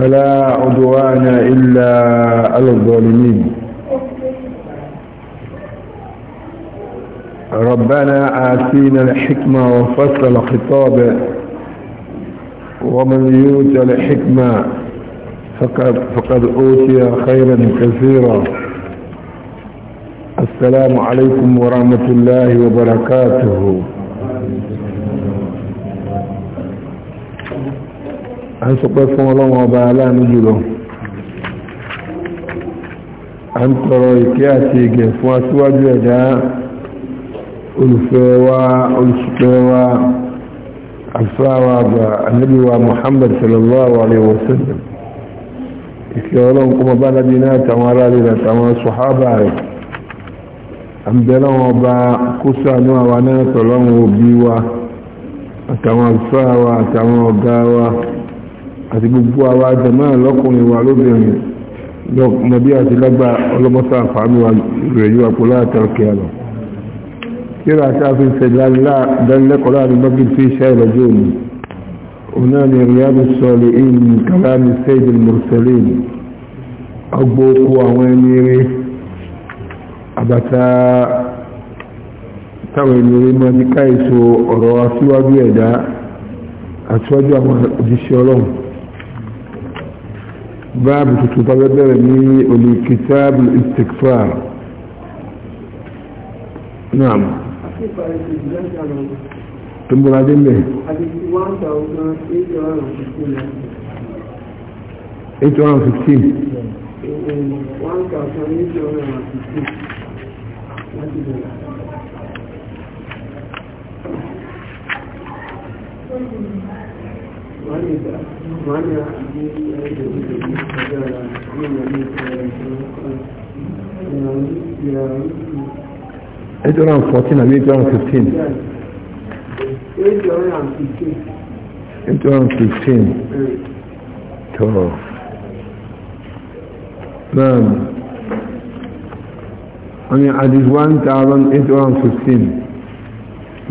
فلا عدوان إلا على الظالمين ربنا آتينا الحكمة وفصل الخطاب ومن يؤت الحكمة فقد, فقد أوتي خيرا كثيرا السلام عليكم ورحمة الله وبركاته a ń sọpẹ́ fún ọlọ́wọ́n ọba aláàánú jùlọ a ń tọrọ ìkẹ́ àti ìgẹ̀ fún aṣíwájú ẹ̀dá olùfẹ́ wa olùsùpẹ́ wa àfáwà àgbà ànábì wa Muhammad sallallahu alaihi wasallam ìkẹ́ ọlọ́run kọmọ bá lábí náà àtàwọn aráàlú àtàwọn sọ̀hábà rẹ̀ àbẹ̀lọ́wọ́n ọba kó sàánú àwa náà tọ̀lọ́wọ́n òbí wa àtàwọn àfáwà àtàwọn ọ̀gá wa àti gbogbo àwa jẹ̀mọ́ lọ́kùnrin wa lóbìnrin lọ́mọdé àti lágbà ọlọ́mọ́sá àfààní wa rẹ̀ yíwa pọ̀ látàkẹ́ àlọ́ kíra tí a fi ṣe dánilẹ́kọ̀ọ́ láàrin bọ́gí tí iṣẹ́ ìrọ̀jọ́ òní ọ̀nà ni ríyàdù àbàtà táwọn ẹni mọ́ ní káìsọ ọ̀rọ̀ aṣíwájú ẹ̀dá àṣíwájú àwọn òjíṣẹ́ ọlọ́run باب تتبادر من كتاب الاستكفار نعم ثم بعدين به eight one fifteen Thank you eight hundred and fourteen àbí eight hundred and fifteen eight hundred and fifteen eight hundred and fifteen tọ́ náà wọ́n ni àdìs one thousand eight hundred and fifteen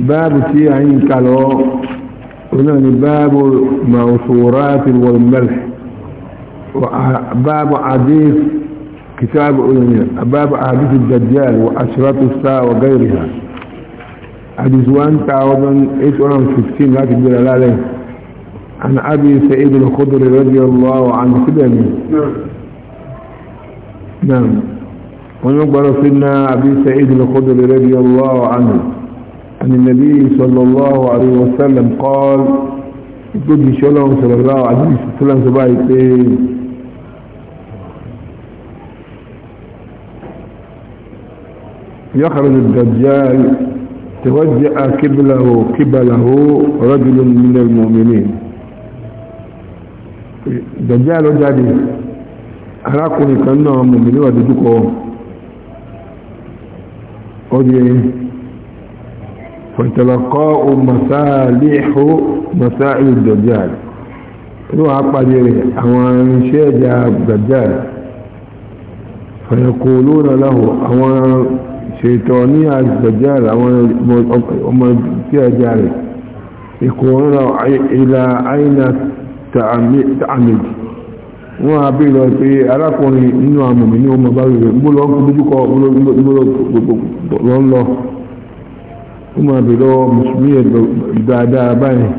báàbù tí a yín kalọ́ هنا باب موثورات والملح وباب عديث كتاب باب عديث الدجال وأشرات الساعة وغيرها حديث 1815 لا تبدل لا ليه عن أبي سعيد الخضر رضي الله عنه كده يعني. نعم. نعم ونقبل سيدنا أبي سعيد الخضر رضي الله عنه عن النبي صلى الله عليه وسلم قال يقول شلون صلى الله عليه وسلم سبايتين يخرج الدجال توجع كبله كبله رجل من المؤمنين الدجال وجدي أراكم كأنهم مؤمنين ودجوكم قد فتلقاء مصالح مصائل الدجال لو عقدر اوان شجع الدجال فيقولون له اوان شيطانية الدجال اوان شجع يقولون الى اين تعمد wọ́n á bí lọ pé arákùnrin nínú àmọ̀mí ní ọmọ bá rẹ̀ gbọ́lọ́ ń lọ وما بلو مسمية دادا بانه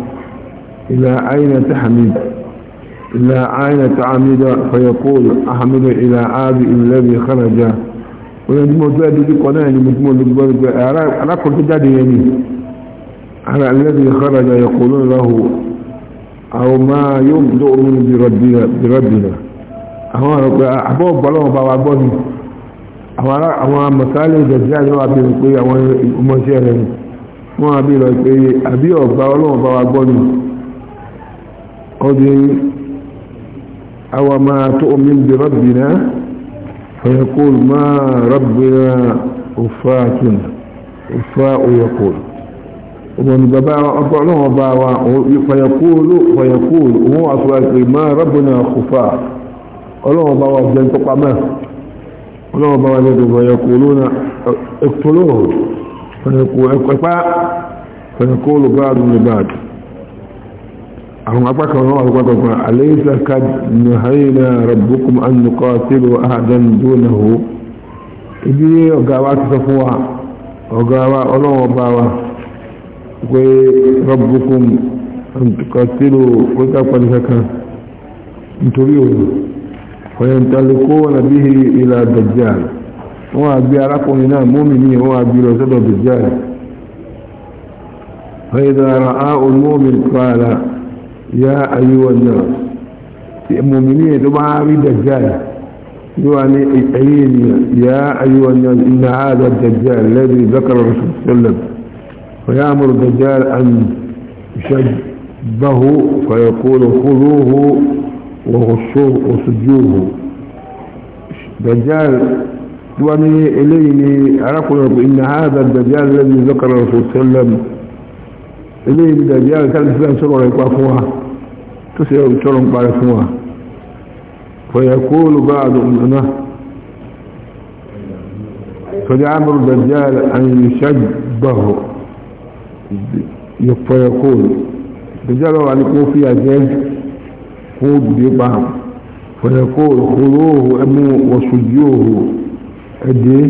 إلى أين تحميد إلى أين تعمد فيقول أحمد إلى عابي الذي خرج ولن مجادي دي قناة مجمول لقبال أنا قلت جادي يعني على الذي خرج يقولون له أو ما يبدو من بربنا بربنا أهو أحباب بلوه بوابوني أهو مسالي جزيان وابين قوية ومشيرين wọ́n á bí lọ pé àbí ọ̀gbà ọlọ́run bá wa gbọ́ ni ọdún àwa máa tó omi ń bi rọ́bìnà فيقول ما ربنا وفاتنا وفاء يقول ومن بابا أطعنا وبابا فيقول فيقول وهو أصلاك ما ربنا خفاء الله بابا جنتقما الله بابا فيقولون اقتلوه فنقول بعض لبعض هم أبقى الله أليس قد نهينا ربكم أن نقاتل أحدا دونه ibi ọ̀gáwá ti sọ fún wa ọ̀gáwá ọlọ́wọ́ bá wa pé rọ́bùkún kọtílò wíkà pàdé kankan nítorí òun ọ̀yẹ̀ntàlẹ́kọ́ nàbí ìlà dajjal wọ́n á gbé arákùnrin náà mọ́mìnì wọ́n á gbé lọ sọ́dọ̀ dajjal فإذا رآه المؤمن قال يا أيها الناس المؤمنين تبعى دجال يعني يا أيها الناس إن هذا الدجال الذي ذكر الرسول صلى الله عليه وسلم فيأمر الدجال أن يشبه فيقول خذوه وغشوه وسجوه دجال دواني إليني عرفنا إن هذا الدجال الذي ذكر الرسول صلى الله عليه وسلم إليه الدجال كان الإسلام سرع يقفوها تسير ترم بارفوها فيقول بعض أمنا فجعمر الدجال أن يشبه فيقول الدجال هو أن يعني يكون فيها جيل قود ببعض فيقول خذوه أمو وسجوه أدي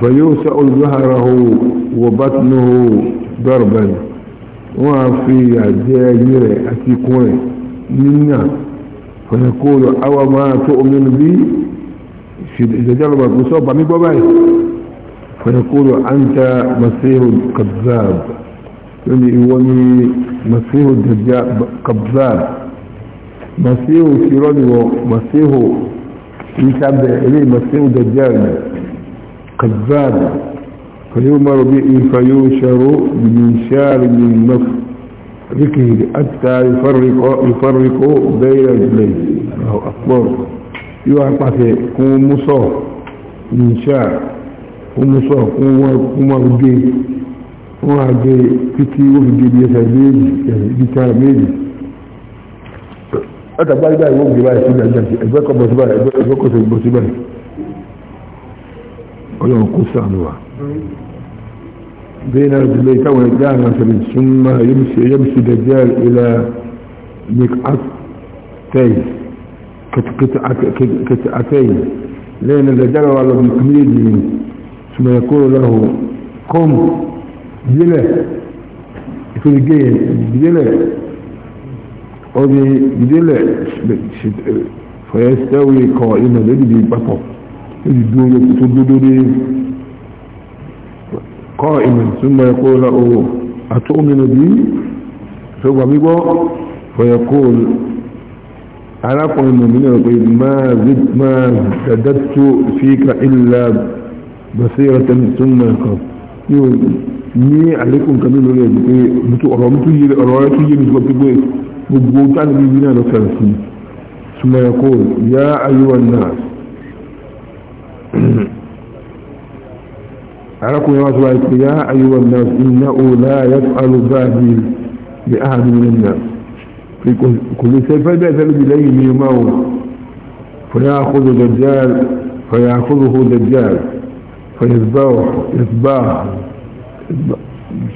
فيوسع ظهره وبطنه ضربا وفي الجاجر أتيكون منا فيقول أو ما تؤمن بي إذا جرب المصاب من بابي فيقول أنت مسيح كذاب يعني وني مسيح الدجال كذاب مسيح سيراني ومسيح يتعب إليه مسيح دجال كذاب فيؤمر به فيوشر بمنشار من نفس ذكره حتى يفرق يفرق بين رجليه الله أكبر يعطى كون مصاب منشار كون مصاب كون مرجي وعدي كتير في جبية ميجي جتار ميجي láti agbárí báyìí wọ́n gbé báyìí sí ìdájọ́ àti ẹgbẹ́ kọ́ bọ́sí báyìí ẹgbẹ́ kọ́ sí bọ́sí báyìí ọlọ́run kó sànù wa. بين رجلي تو رجال مثلا ثم يمشي يمشي دجال الى مقعدتين كتعتين لان الدجال على المقميد ثم يقول له قم بلا في الجيل بلا orí ìdílé fẹ̀yẹ́sẹ́wé kọ ilẹ̀ lẹ́dìdì ìpapọ̀ lẹ́dì dúró tó dúdú dé kọ́ ìmọ̀ súnmọ́ ẹ̀kọ́ lọ́wọ́ àtúnmìnà bí ṣọgbà gbígbọ́ fẹ̀yẹ́kọ́ arákùnrin mọ̀mílẹ̀ pé máa dàdàtú fíkà ilẹ̀ basiratan súnmọ́ ẹ̀kọ́ ní àlékún kan nílò rẹ̀ pé ọ̀rọ̀ tó yé mi gbogbo بوتان بينا لكنسي ثم يقول يا أيها الناس أعلكم يا رسول الله يا أيها الناس إنه لا يفعل ذاهب لأحد من الناس في كل سيفة بأثر بليه من موت فيأخذ دجال فيأخذه دجال فيذبحه يذبح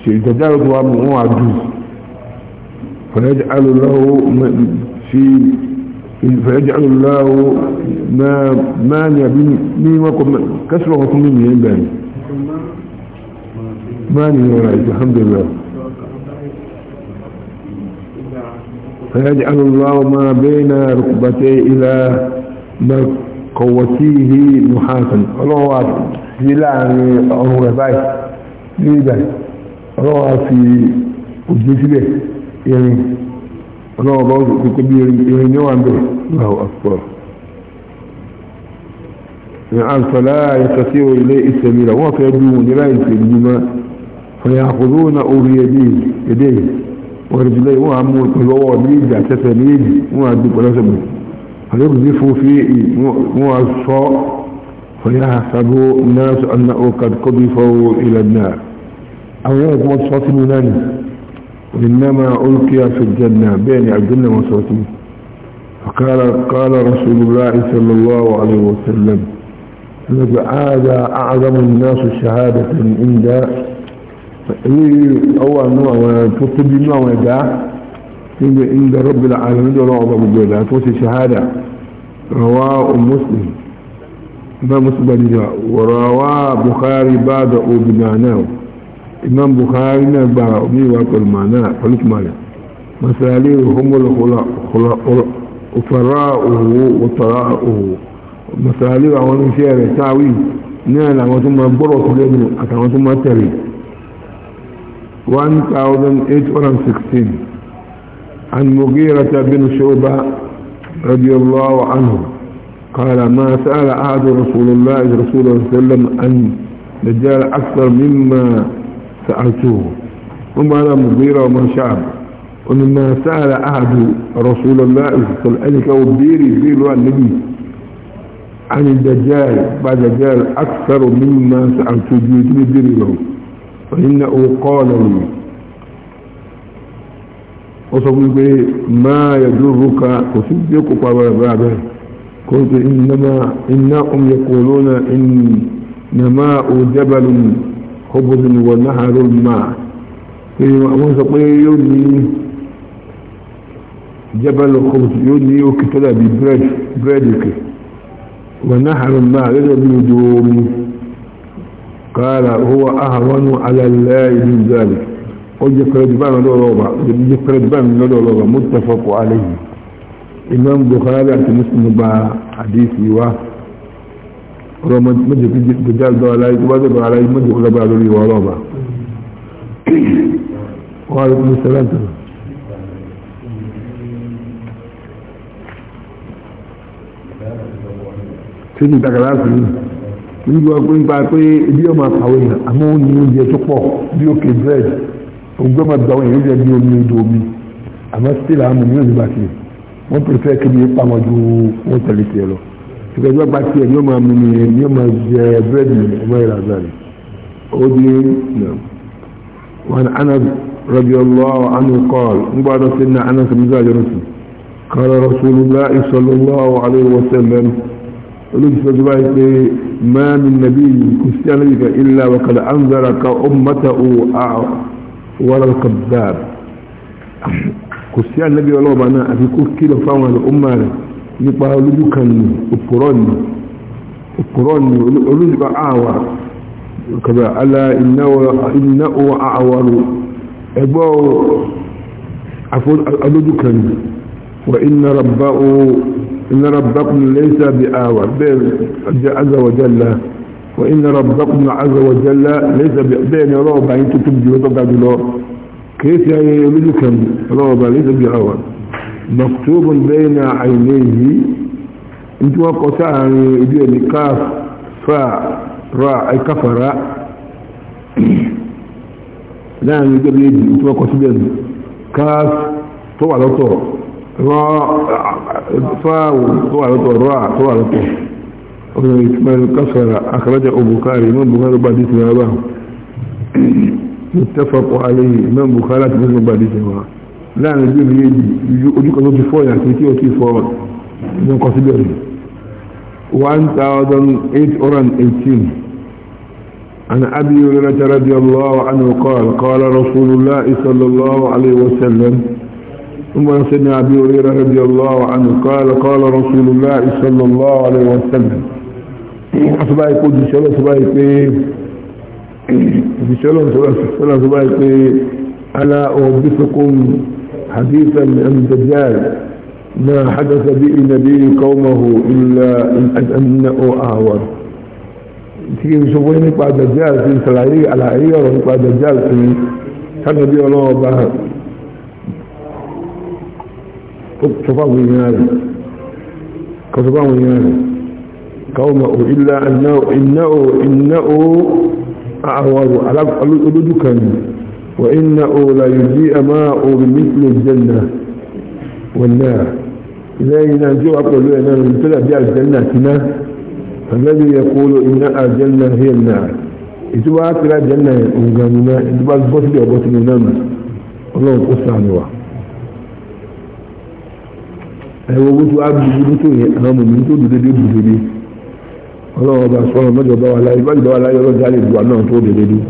الدجال هو عدوس فيجعل له في فيجعل الله ما مانع يعني بني وكم كسر وكم مني يبان مانع ولا الحمد لله فيجعل الله ما بين ركبتي إلى ما قوتيه نحاسا الله واحد يلعني أمور باي ليه باي الله في وجه irin ọlọ́wọ́ bá wọ́n ti kó bí irin ní wà ń bẹ̀ láwọ́ àpọ̀ ní àǹsọ̀lá ayẹsọ sí ilé ìsẹ̀mí rẹ̀ wọ́n fẹ́ bí wọn ní láì tẹ̀ ní ma fọyàkùrú na orí èdè òrìjìlẹ̀ wọn àmú pẹ̀lú ọwọ́ ní ìjà tẹ́tẹ̀ ní èdè wọn àdú pẹ̀lọ́sẹ̀ mọ̀ àlébù ní fún fi wọn sọ fọyàkùrú náà sọ ọ̀nà òkàdùkọ́bí fọwọ́ ilẹ̀ náà àwọn ẹ̀kọ́ sọ sínú náà إنما ألقي في الجنة بين الجنة وصوتي فقال قال رسول الله صلى الله عليه وسلم هذا أعظم الناس شهادة عند أول نوع وتطبي نوع ويدع عند رب العالمين ولا أعظم الجنة توصي شهادة رواه مسلم ما مسلم ورواه بخاري بعد بمعناه imam bukhari náà gba omi ìwà pẹ̀lú màánà pẹ̀lú tùmọ̀lẹ̀ masalẹ̀ ìhòmọ́lẹ̀ òfàrà òwò òtàrà òwò masalẹ̀ àwọn oníṣẹ́ rẹ̀ táwí náà làwọn tó máa gbọ́rọ̀ tó lẹ́nu àtàwọn tó máa tẹ̀lé 1816 عن مغيرة bin شعبة رضي الله عنه قال ما سأل أحد رسول الله رسول الله صلى الله عليه وسلم أن نجال أكثر مما سألته ثم أنا مغيرة ومن شعب ومما سأل أحد رسول الله صلى الله عليه وسلم بيري النبي عن الدجال بعد الدجال أكثر مما سألت بيري بيري له فإنه قال لي وصبوا ما يدرك تصدقك وبابه قلت إنما إنهم يقولون إنما جبل kọ́bọ̀dù ni wọ́n náà rò máa pé wọ́n sọ pé yóò ní jẹ́bẹ̀lì kọ́bọ̀dù yóò ní òkè tó dàbí búrẹ́dì òkè wọ́n náà rò máa lọ́dọ̀ bí ojú omi kára owó ahàwọnú alẹ́lẹ́ ìlú ìjọ́lẹ̀ ó jẹ́ pẹ̀lẹ́dìbámi lọ́dọ̀ ọlọ́ba mọ́tàfọ́kọ̀ alẹ́ yìí imam bukhari àti muslim ba hadisi wa ọlọ́mọ méjì kí jẹjẹ àgbà aláyé tó bá dẹ̀gbà aláyé méjì kó lọ́gbà lórí ìwà ọlọ́ọ̀bà wọ́n rí kúrú sẹ́lẹ̀ntì tí ní ìtàkàlá sí ní nígbà pé nípa pé ebi ọmọ àpàwọ̀ èèyàn àmọ́ ó ní oúnjẹ tó pọ̀ bí òkè bread ògbọ́n máa gba òyìnbó jẹ́ bí omi odò omi àmọ́ still àmọ́ ní òyìnbó àti wọ́n pèsè kébí pamọ́ ju wọ́n tẹ̀lé tiẹ̀ lọ. ìgbẹ́jọ́ gba tiẹ̀ ni ó máa mú mi ni ó máa jẹ búrẹ́dì ọmọ ìlànà rẹ̀ ó di wọn anas rabi allah anu kọ́ọ̀l ńgbà lọ sí ní anas musa yorùsù kọ́ọ̀lá rasulullah sallallahu alayhi wa sallam olùsọ tó báyìí pé máa mi nàbí kùsìtìyàn yìí kan ilà wà kàdà an zara ka ummata o a wàlá kàdàr kùsìtìyàn nàbí ọlọ́ọ̀bà náà àti kó kìlọ̀ fáwọn ọmọ rẹ̀ nípa olójú kan ní òpùrọ́ ní òpùrọ́ ní olójúbà àwà kàbà alá iná owó àwárò ẹgbọ́ olójú kan ní wà iná rabbakun lẹ́sà bí àwà bẹ́ẹ̀ azawajalla wà iná rabbakun azawajalla lẹ́sà bẹ́ẹ̀ ni ọlọ́ọ̀bá yìí tó tóbi jù lọ́tọ́ gajù lọ kìí sí ayẹyẹ olójú kan ní ọlọ́ọ̀bá lẹ́sà bí àwà مكتوب بين عينيه انت وقتا يدين كاف فا را كفر لا يقدر يجي انت وقتا بين كاف طوع لطوع را فا طوع لطوع را طوع لطوع ويكمل كسر أخرج أبو بكاري من بخاري بعد إسلام متفق عليه من بخاري مسلم بعد إسلام láàrin ojú mi yéèdì ojú kan tó ti fọ́ ìyàtọ̀ tí ó ti fọ́ ní ọkọ̀ síbẹ̀ rẹ̀ one thousand eight hundred and eighteen عن أبي هريرة رضي الله عنه قال قال رسول الله صلى الله عليه وسلم ثم سمع أبي هريرة رضي الله عنه قال قال رسول الله صلى الله عليه وسلم أصبح يقول إن شاء الله أصبح يقول إن شاء الله أصبح يقول ألا أحدثكم حديثا من الدجال ما حدث بي نبي قومه إلا إن أنه أعور تيجي نشوفوا نقع دجال في سلعي على عيار نقع دجال في كان نبي الله بها شوفوا ويناري كشوفوا ويناري قومه إلا أنه إنه إنه أعور على قلوب كان وإنه لا يجيء ماء بمثل الجنة والنار لين جوع قلوبنا نمتلأ بها الجنة الذي يقول إن الجنة هي النار إتباع كلا جنة وغامنا إتباع البطل وبطل نام الله قصة عنه ẹ̀wọ̀n gbogbo agbègbè tó yẹ àwọn ọmọ mi tó dòdò dé bùdòdè ọlọ́run ọba sọ́run mẹ́jọ bá wà láyé bá jù bá wà láyé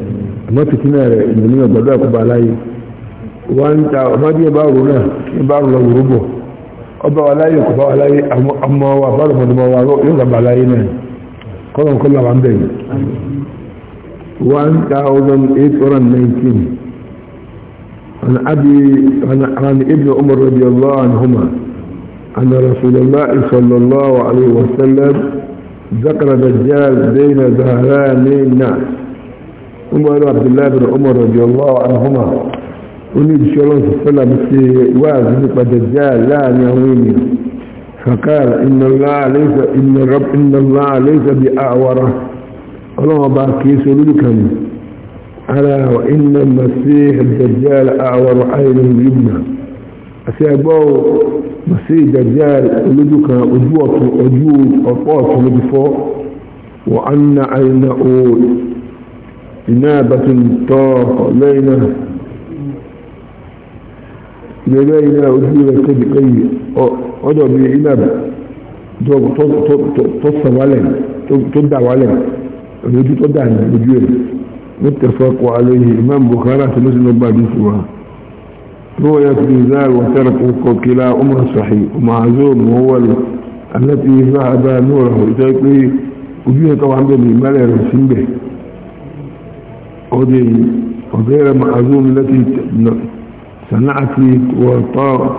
àmọ́ fìtínà rẹ̀ ìmọ̀ní ọ̀gbọ̀dọ̀ àkọ́bà láyé wọ́n ń ta ọmọdé bá rò náà kí bá rò lọ wòrò bọ̀ ọba wa láyé kò bá wa láyé ọmọ wa bára ọmọdé wa yóò gbà láyé náà kọ́lọ̀ kọ́ làwọn bẹ̀ yìí one thousand eight hundred nineteen عن أبي عن ابن عمر رضي الله عنهما أن رسول الله صلى الله عليه وسلم ذكر دجال بين ظهراني الناس عمر عبد الله بن عمر رضي الله عنهما وني بشلون صلى مثل واجب الدجال لا يهويني فقال إن الله ليس إن رب إن الله ليس بأعور الله باكي سلوكا ألا وإن المسيح الدجال أعور عينه اليمنى أسيبوا مسيح الدجال ولدك أجوة أجود أطاس فوق وأن عينه إنابة طاف لينا لينا أدل كد قي أدعو بإنابة تصف علينا تدع علينا الوجود تدع الوجود متفق عليه إمام بخاري مسلم الباب سواه رؤية الإنزال وترك كلاهما صحيح ومعزوم هو التي ذهب نوره إذا يقول وجوه طبعا بني ملل سنبه أودي وغير معزوم التي صنعت لي وطارت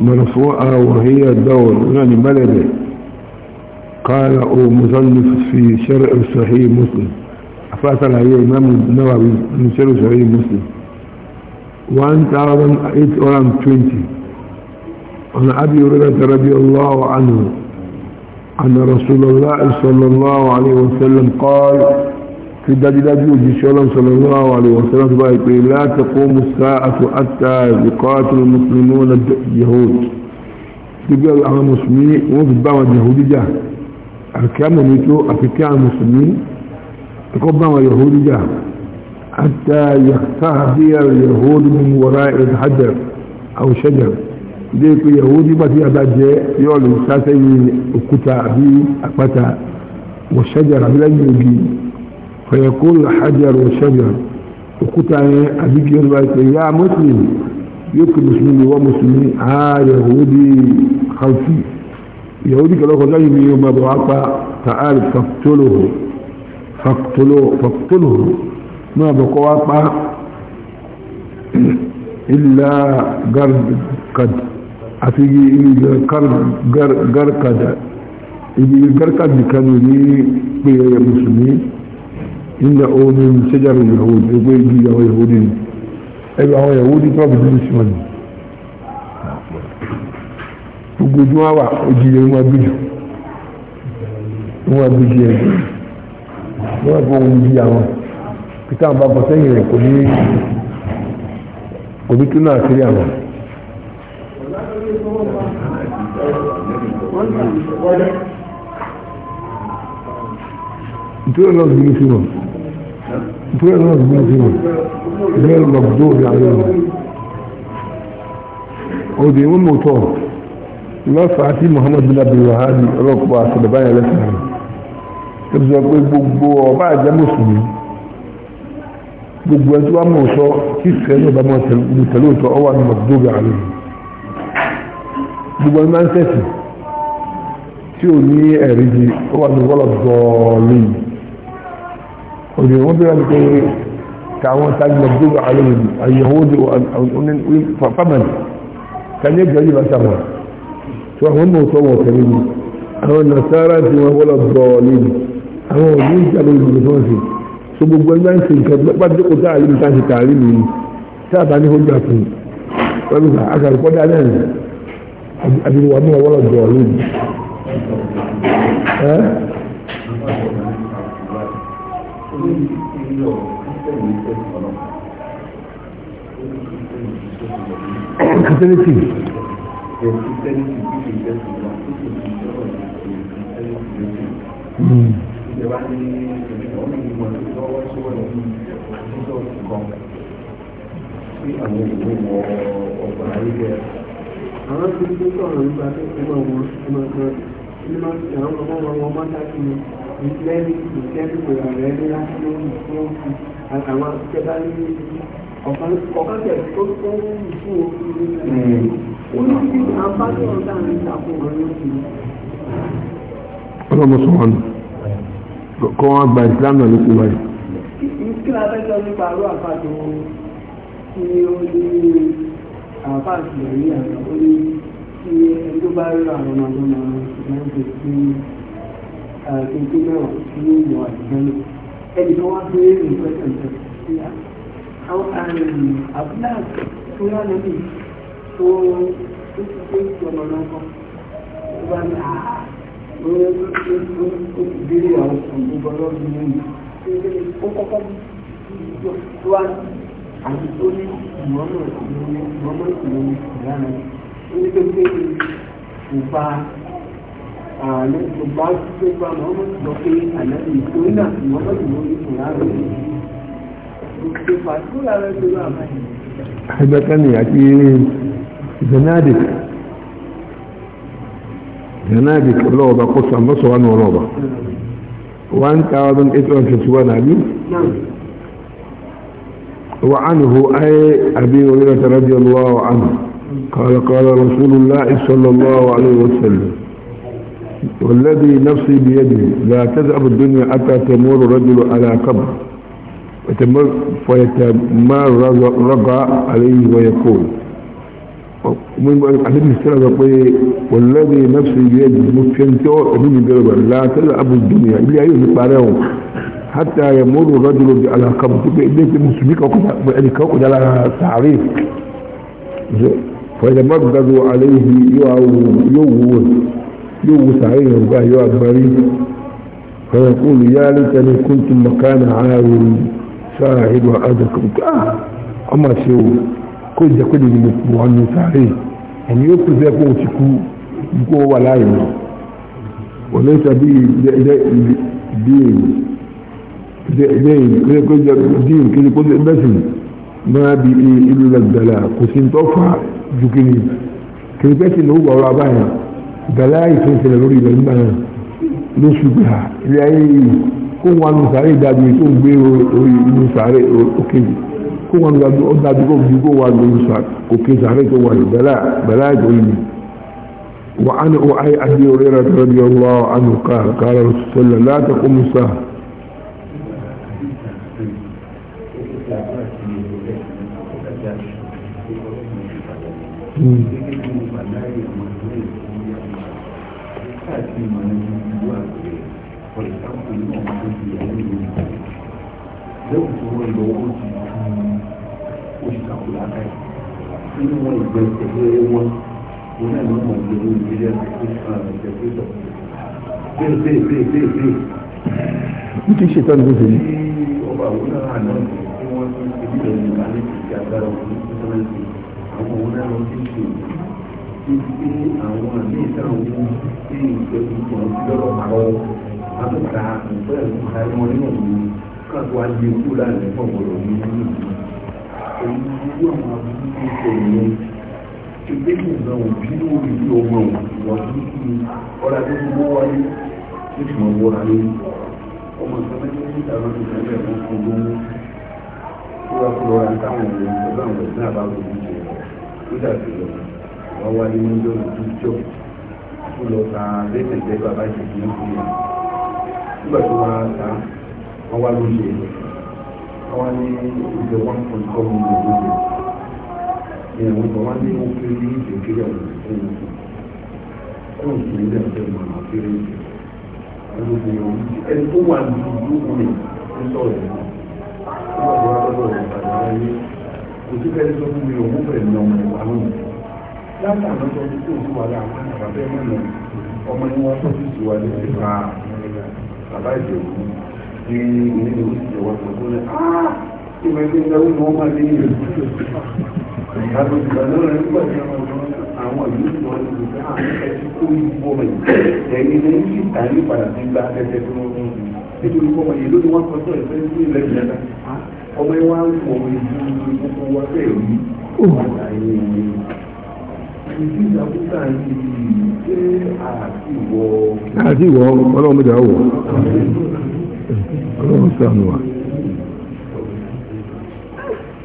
مرفوعة وهي الدور يعني بلده قال أو مصنف في شرع الصحيح مسلم أفاتل هي إمام النووي من شرع الصحيح مسلم 1820 عن أبي هريرة رضي الله عنه أن رسول الله صلى الله عليه وسلم قال في دجاج الله صلى الله عليه وسلم بايقي لا تقوم الساعة حتى يقاتل المسلمون اليهود تقول على المسلمين وفبا اليهودية أحكام ميتو أفكاء المسلمين تقبا اليهودية حتى يختفي اليهود من وراء الحجر أو شجر ديكو يهودي بس أبجي يقول ساسي أكتا أبي أكتا والشجر أبي يجي فيقول حجر وشجر وكتا أبيك يربي يا مسلم يكتب مسلم ومسلم آه يهودي خلفي يهودي كلو خزاي من يوم أبو تعال فاقتله فاقتله فاقتله ما بقوا عطا إلا قرد قد أفيجي إلي قرد قرد قد إلي قرد قد كانوا لي مسلمين ilẹ̀ omi ṣẹ́járu yahood ẹgbẹ́ igi àwọn yahood ni ẹgbẹ́ àwọn yahood tó bẹ̀ gbogbo ojú ojú yẹn wọn wọn yẹn wọn ohun bí àwọn peter àwọn bàbá sẹ́yìn rẹ̀ kò ní kò ní tún náà kiri àwọn. you. غير مجنون غير مجدور عليهم ودي والموتور لا فعتي محمد بن عبد الوهاب ركبة سببان لسنا تبزر بوبو جا gbogbo ẹjọ́ wa mọ̀ sọ kí ìfẹ́lẹ́ ọba mọ̀ tẹ̀lé òtọ́ ọwọ́ àwọn mọ̀gbọ́gbọ́ àlejò gbogbo ẹni máa ń tẹ̀sí واليهود لك تعاون تاج مجدود عليهم اليهود فمن كان يجري بسرعة فهم وصوة كريم أو النصارى فيما هو الضالين أو من جلو المدرسة سبب الله سنك بعد قطاع تاج تعليمي سابعني هجاتي ومسا أكل قد أنا أبي الوامية ولا الضالين ها أه؟ Christianity. Mm. Àwọn tí ó sọ̀rọ̀ nípa pé ẹgbẹ́ wọn, ẹgbẹ́ wọn, ẹgbẹ́ wọn, ẹgbẹ́ wọn, wọ́n máa ń dá sí i ìtẹ́lẹ̀ ìtẹ́lẹ̀ rẹ̀ ní láti lóyún fún àwọn akẹ́kẹ́ ní ọ̀kan tẹ̀ tó tó ń fún òfin olùsí àbájọ ọ̀dà ní ìtàkùn ọ̀rẹ́ òfin. ọlọ́mọ sọ̀rọ̀ nù kọ́ wọn gba ìsìlámù náà ló kú wáyé. kí la fẹ́ sọ nípa àrò àpàtì wọn kí ó ní àpàtì ẹ̀rí àgbà ó ní kí ẹni tó bá rí àwọn ọmọdé máa ń ṣe kéńké náà ní ìwọ àdìgbẹ́lẹ̀ ẹni tó wá béèrè ìpẹ́sẹ̀ ìpẹ́sẹ̀ àwọn àbúlá tó yá lẹ́bí tó tó ti gbé ìjọba náà kọ́ tó bá ní àá ó ti béèrè àwọn ọ̀gbọ̀n ọlọ́dún lẹ́yìn ó kọ́kọ́ tó wá àti tó ní ìmọ̀ọ́mọ̀ ìmọ̀ọ́mọ̀ ìmọ̀ọ́mọ̀ ìlànà ó ní pé pé kò bá ààrùn tó bá tó bá mọ́mọ́ sọ pé ànábì tó nà mọ́mọ́ ìwò ìfún láàrin tó bá tó lára tó bá báyìí. Agbẹ́kẹ́ni àti Zanadik. Zanadik ọlọ́ọ̀bà kó sàmọ́sọ̀ wà ní ọlọ́ọ̀bà. 1851 àbí? وعنه أي أبي هريرة رضي الله عنه قال قال رسول الله صلى الله عليه وسلم والذي نفسي بيده لا تذهب الدنيا حتى تمر الرجل على قبر فيتمرغ عليه ويقول والذي نفسي بيده مكنتو ابن جلبا لا تذهب الدنيا اللي ايوه نقارعه حتى يمر الرجل على قبر بيت المسلمين وكذا يعني على تعريف فيتمرغ عليه يوعو يوعو yóò sàárè yorùbá yóò agbárí ọ̀rọ̀ kúlù yá lẹ́tẹ̀lẹ́ kún tún makana ààrùn sáà ìlú àdàkùnkà ọmọ ṣe o kó jẹ́ nínú wọn ní sàárè o ti kú kó wà láàyè lọ wọ́n lè sàbí ilé ìlú kí ni kó jẹ́ bẹ́sìn máa bí ìlú lọ́gbẹ̀lá kò sí tọ́ fà bẹ̀láyì tó ń tẹ̀lé lórí ilẹ̀ nígbà náà ló ṣùgbọ́n à ilé ayé yìí kó wọn nu sàárè ìdájú tó ń gbé orí inú sàárè òkè yìí kó wọn nu dájú kó fi kó wà lórí òkè sàárè tó wà lórí bẹ̀láyì tó yìí wà á ní o ayé adé orí rẹ̀ tó rẹ̀ lọ àánú kára rẹ̀ láti kó musa. Mm. àdéhùn tí wọ́n lọ ó ti fi oṣù kàkúlà ká yìí nínú wọn ìgbẹ́ ìtẹ̀lé wọn wọn náà ló mọ̀ ní ìdílé ìtẹ̀lẹ́tọ̀ bẹ́ẹ̀ bẹ́ẹ̀ bẹ́ẹ̀ bẹ́ẹ̀ bẹ́ẹ̀. bí kì í ṣe tán ló ṣe ní. ọba àwọn náà àná tí wọ́n ti ṣe bí ẹni ìgbà ní ìṣe wọn ní sẹ́lẹ̀sì àwọn wá yé kú láàrin fún ọ̀rọ̀ mi nínú èyí irú àwọn abúlé tó ṣẹlẹ̀ ṣe pé kí nǹkan òbí lórí bí ọmọ ìwà burúkú ni ọ̀rọ̀ adé tó mọ́ wáyé tó sì mọ́ wọ́ra ní ọmọ nǹkan mẹ́jọ ní ìdáná tó ṣẹlẹ̀ fún fún lówó tó wá kó lọ́ra táwọn ọmọ ìjọba àwọn ọ̀rẹ́ náà bá wọlé jẹ ló dàbí lọ wá wáyé mọ́jọ́ ìtújọ́ tó lọ ta lẹ́sẹ̀ jẹ́ bàbá ìṣèjì nígbà tó wá ta wọ́n wá ló ṣe àwọn ní ìgbẹ́ wọn kò ní kọ́ mi ní ìlú rẹ̀ ní àwọn ìgbà wọn ní wọn kéré ní ìgbẹ́ kéré àwọn ìgbẹ́ wọn kò ní sí ilé ọ̀dẹ́ mọ̀ àwọn kéré ní ìgbẹ́ wọn ẹni tó wà ní ìlú mi ń sọ̀rọ̀ ẹ̀ náà wọ́n wá lọ́dọ̀ rẹ̀ bàbá rẹ̀ ní kò sí fẹ́ẹ́ sọ fún mi òun fẹ́ẹ́ ní ọmọ ìwà lónìí láti àná sọ fún kí òun wà láwọn àgbàbẹ́ mọ̀ ọmọ ni wọ́n sọ fún ìwà lónìí bàbá ìjẹ̀bú ní ilé ah, ìwòsàn wọn tó kó lẹ ìwé tí ń darí mọ́ máa ní ìlú àti ìgbàlọ́ rẹ̀ nígbà tí àwọn ìlú ah, tí wọ́n ti gbà ẹ̀ ti kó ìbò rẹ̀ ẹ̀yìn ní ní ìtàrí padà sí gba ẹsẹ̀ tó wọ́n mú nítorí pé ọmọ yìí ló ní wọ́n kọ́ sọ̀rọ̀ fẹ́ sí ilẹ̀ ìjọba ọmọ yìí wá ń wọ̀ ìlú gbogbo wa bẹ́ẹ̀ rí wàtà yìí ìdí ìdàkúta yìí ṣé àti ìwọ. àti ìwọ ọlọ́run mi ọlọ́run sànù wa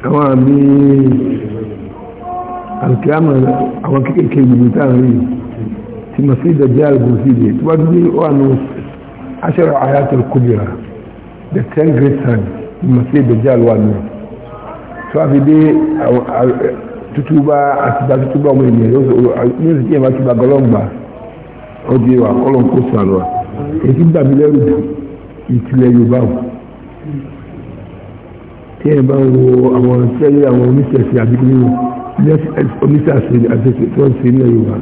àwọn àmì alkiyama àwọn kékèké yìí tá à ń rí tí mo sì dẹ̀jẹ́ àlùbọ̀síde tí wọ́n dúdú wà ní aṣọ́rọ̀ ayatul kubira the ten great signs tí mo sì dẹ̀jẹ́ àlùwà ní tí wọ́n fi dé tutuba àtìgbà tutuba ọmọ ènìyàn yóò sì kí ẹ̀ máa tuba gọlọ́ngbà ó di wà kọ́lọ́n sànù wa èyí tí gbàgbé lẹ́rù dùn ìtìlẹ̀ yorùbá o tí ẹ bá wo àwọn tẹ́lẹ̀ àwọn oníṣẹ̀ṣe àbíkúrú oníṣẹ̀ṣe àti tí wọ́n ṣe nílẹ̀ yorùbá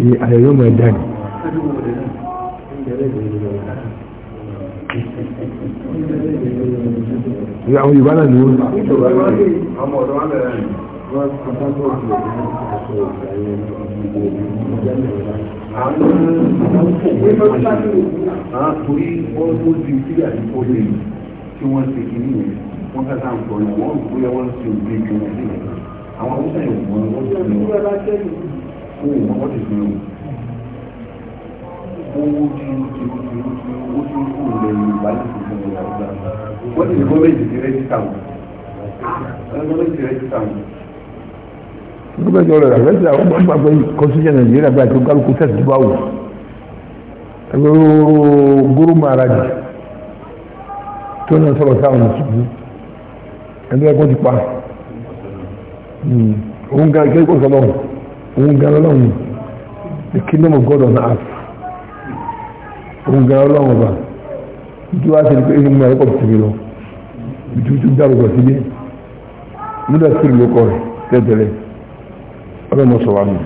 ìyẹn àyẹ̀yọ́ máa dá ní. àwọn yorùbá náà ni wọ́n àwọn torí wọ́n tó di sí àdìpọ̀ lè tí wọ́n ṣe kìíní yẹn wọ́n ká sáà ń sọ ní wọ́n kó yẹ wọ́n ṣe òbí ju wọn sí yẹn àwọn awúsá yẹn wọ́n wọ́n ti fi wọ́n kó wọ́n wọ́n ti fi wọ́n owó tí ó ti ó ti ó ti ó ti kú ilẹ̀ Yorùbá ní ìpínlẹ̀ Yorùbá wọ́n ti fi gọ́ọ̀mẹ̀ntì ti rẹ́jísítà wọn gọ́ọ̀mẹ̀ntì rẹ́jísítà wọn gómìnà ọ̀rọ̀ rẹ̀ lẹ́sìn àwọn ọgbà pé constitution nàìjíríà gba ìtò kálukú sẹ́ẹ̀tì tó bá wù ẹgbẹ́ gúrú màrájì tó náà sọ̀rọ̀ sáwọn mùsùlùmí ẹgbẹ́ ẹgbẹ́ ti pa hmm. òun gan kí ẹgbẹ́ sọlọ́hùn òun gan lọ́hùn the kingdom of God on earth òun gan lọ́hùn ọba nítorí wá sí ẹni pé ẹni mú ẹ̀kọ́ tìbí lọ ìtútù dárúkọ síbi nígbà tí ìlú kọ rẹ̀ ọlọ́mọ sọ̀rọ̀ àmì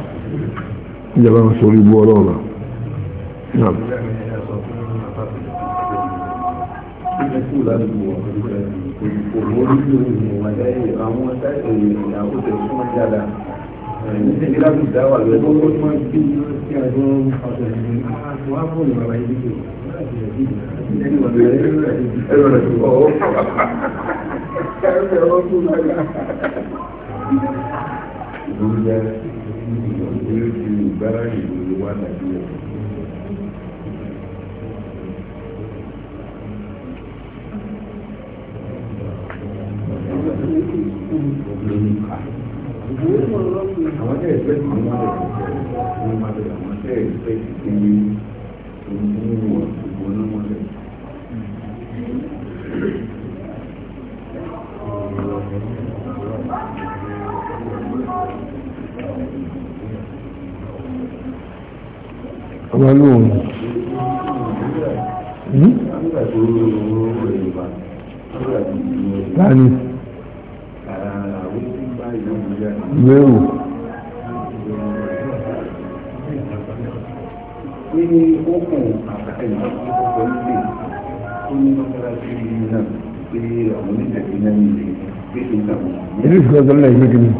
ìjọba ń sọ orí bú ọlọ́run Thank you ló ń jẹ́ ìlú ti ìgbára ìlú ni wà nàìjíríà. àwọn tẹ̀ ẹ̀fẹ́ tí wọ́n máa lè fẹ́ wọ́n máa lè àwọn tẹ̀ ẹ̀fẹ́ tí wọ́n máa lè fẹ́ wọ́n lóhùn hmm? tani mẹ́rù ní okùn àtàkẹ́yìn ọ̀pọ̀ ilé tó ní mọ́sálásí náà pé àwọn oníjẹ̀bí náà nílé pé ìgbà mọ̀. ilé ìfẹ́ sọ́lá ìgbẹ́kẹ̀lẹ́.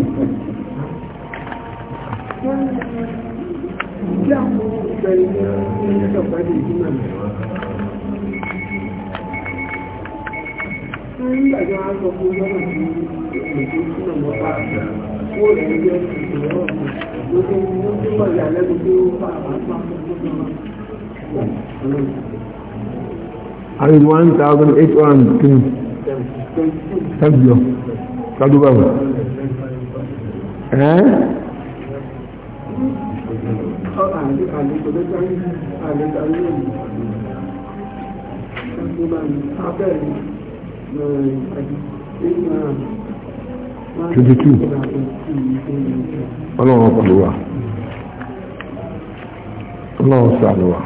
Nígbàjọ́ á sọ fún lọ́nà Thank you. Thank you very much twenty ọlọ́run ọkùnrin wa ọlọ́run sàlùwà.